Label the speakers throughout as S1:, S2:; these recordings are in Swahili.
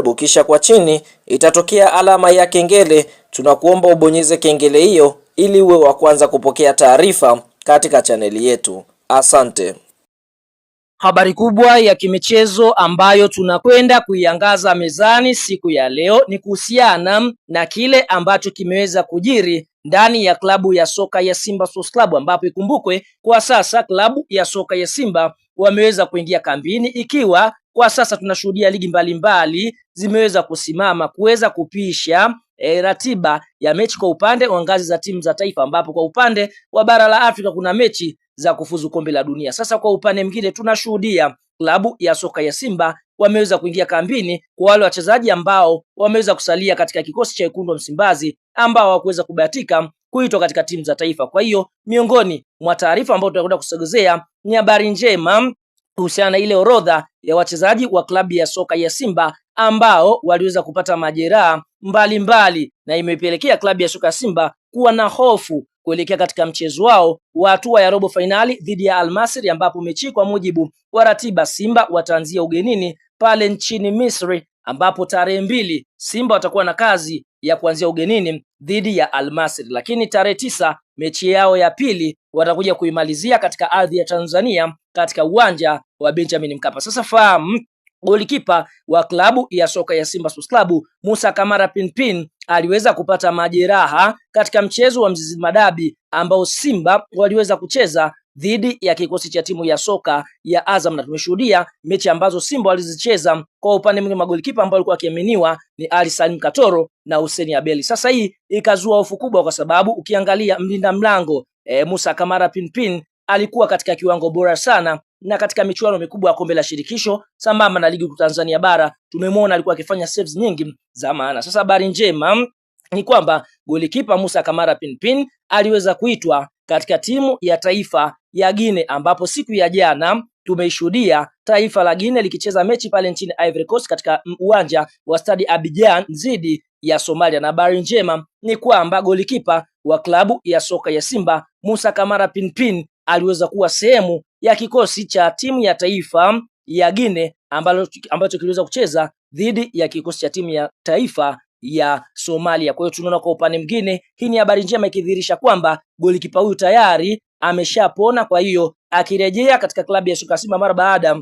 S1: kisha kwa chini itatokea alama ya kengele. Tunakuomba ubonyeze kengele hiyo ili uwe wa kwanza kupokea taarifa katika chaneli yetu. Asante. Habari kubwa ya kimichezo ambayo tunakwenda kuiangaza mezani siku ya leo ni kuhusiana na kile ambacho kimeweza kujiri ndani ya klabu ya soka ya Simba Sports Club, ambapo ikumbukwe kwa sasa klabu ya soka ya Simba wameweza kuingia kambini ikiwa kwa sasa tunashuhudia ligi mbalimbali mbali, zimeweza kusimama kuweza kupisha E, ratiba ya mechi kwa upande wa ngazi za timu za taifa, ambapo kwa upande wa bara la Afrika kuna mechi za kufuzu kombe la dunia. Sasa kwa upande mwingine tunashuhudia klabu ya soka ya Simba wameweza kuingia kambini kwa wale wachezaji ambao wameweza kusalia katika kikosi cha wekundu wa Msimbazi ambao hawakuweza kubahatika kuitwa katika timu za taifa. Kwa hiyo miongoni mwa taarifa ambayo tunakwenda kusogezea ni habari njema kuhusiana na ile orodha ya wachezaji wa klabu ya soka ya Simba ambao waliweza kupata majeraha mbalimbali na imepelekea klabu ya soka ya Simba kuwa na hofu kuelekea katika mchezo wao wa hatua ya robo fainali dhidi ya Almasri, ambapo mechi kwa mujibu wa ratiba Simba wataanzia ugenini pale nchini Misri ambapo tarehe mbili Simba watakuwa na kazi ya kuanzia ugenini dhidi ya Almasri, lakini tarehe tisa mechi yao ya pili watakuja kuimalizia katika ardhi ya Tanzania katika uwanja wa Benjamin Mkapa. Sasa fahamu golikipa wa klabu ya soka ya Simba Sports Club Musa Kamara Pinpin aliweza kupata majeraha katika mchezo wa Mzizi Madabi ambao Simba waliweza kucheza dhidi ya kikosi cha timu ya soka ya Azam, na tumeshuhudia mechi ambazo Simba walizicheza kwa upande mwingine, magolikipa ambao alikuwa akiaminiwa ni Ali Salim Katoro na Hussein Abeli. Sasa hii ikazua hofu kubwa, kwa sababu ukiangalia mlinda mlango e, Musa Kamara Pinpin alikuwa katika kiwango bora sana na katika michuano mikubwa ya kombe la shirikisho sambamba na ligi kuu Tanzania bara tumemwona alikuwa akifanya saves nyingi za maana. Sasa habari njema ni kwamba golikipa Musa Kamara Pinpin aliweza kuitwa katika timu ya taifa ya Guinea, ambapo siku ya jana tumeishuhudia taifa la Guinea likicheza mechi pale nchini Ivory Coast katika uwanja wa Stade Abidjan dhidi ya Somalia, na habari njema ni kwamba golikipa wa klabu ya soka ya Simba Musa Kamara Pinpin aliweza kuwa sehemu ya kikosi cha timu ya taifa ya Guinea ambacho kiliweza kucheza dhidi ya kikosi cha timu ya taifa ya Somalia. Kwa hiyo tunaona kwa upande mwingine, hii ni habari njema ikidhihirisha kwamba golikipa huyu tayari ameshapona. Kwa hiyo akirejea katika klabu ya soka Simba mara baada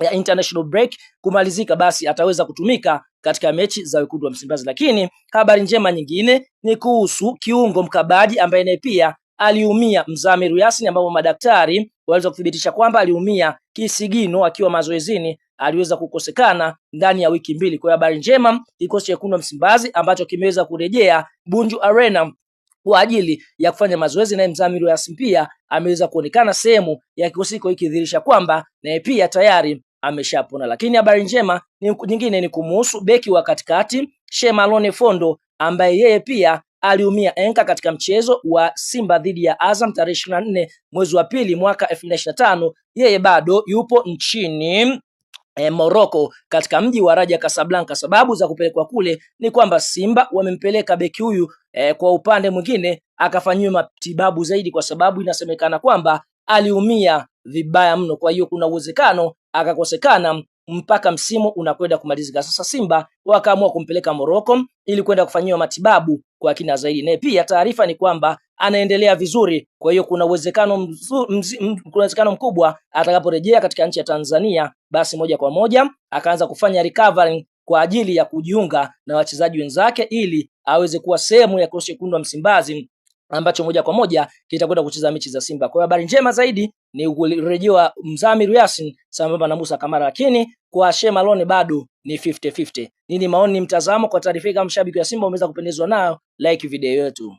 S1: ya international break kumalizika, basi ataweza kutumika katika mechi za wekundu wa Msimbazi. Lakini habari njema nyingine ni kuhusu kiungo mkabaji ambaye naye pia aliumia Mzamiru Yasini, ambapo madaktari waliweza kuthibitisha kwamba aliumia kisigino akiwa mazoezini, aliweza kukosekana ndani ya wiki mbili. Kwa habari njema, kikosi cha wekundu wa Msimbazi ambacho kimeweza kurejea Bunju Arena kwa ajili ya kufanya mazoezi, naye mzamiri wa pia ameweza kuonekana sehemu ya kikosi hiko, ikidhihirisha kwamba naye pia tayari ameshapona. Lakini habari njema nyingine ni kumuhusu beki wa katikati Shemalone Fondo ambaye yeye pia aliumia enka katika mchezo wa Simba dhidi ya Azam tarehe 24 mwezi wa pili mwaka 2025. Yeye bado yupo nchini E, Morocco katika mji wa Raja Casablanca. Sababu za kupelekwa kule ni kwamba Simba wamempeleka beki huyu e, kwa upande mwingine akafanyiwa matibabu zaidi, kwa sababu inasemekana kwamba aliumia vibaya mno, kwa hiyo kuna uwezekano akakosekana mpaka msimu unakwenda kumalizika. Sasa Simba wakaamua kumpeleka Morocco ili kwenda kufanyiwa matibabu kwa kina zaidi, naye pia taarifa ni kwamba anaendelea vizuri. Kwa hiyo kuna uwezekano uwezekano mkubwa atakaporejea katika nchi ya Tanzania, basi moja kwa moja akaanza kufanya recovering kwa ajili ya kujiunga na wachezaji wenzake ili aweze kuwa sehemu ya kikosi chekundu wa Msimbazi ambacho moja kwa moja kitakwenda kucheza mechi za Simba. Kwa hiyo habari njema zaidi ni urejewa Mzamiru Yasin sambamba na Musa Kamara, lakini kwa Shema Lone bado ni 50-50. Nini maoni, mtazamo kwa taarifa kama mshabiki wa Simba umeweza kupendezwa nayo, like video yetu.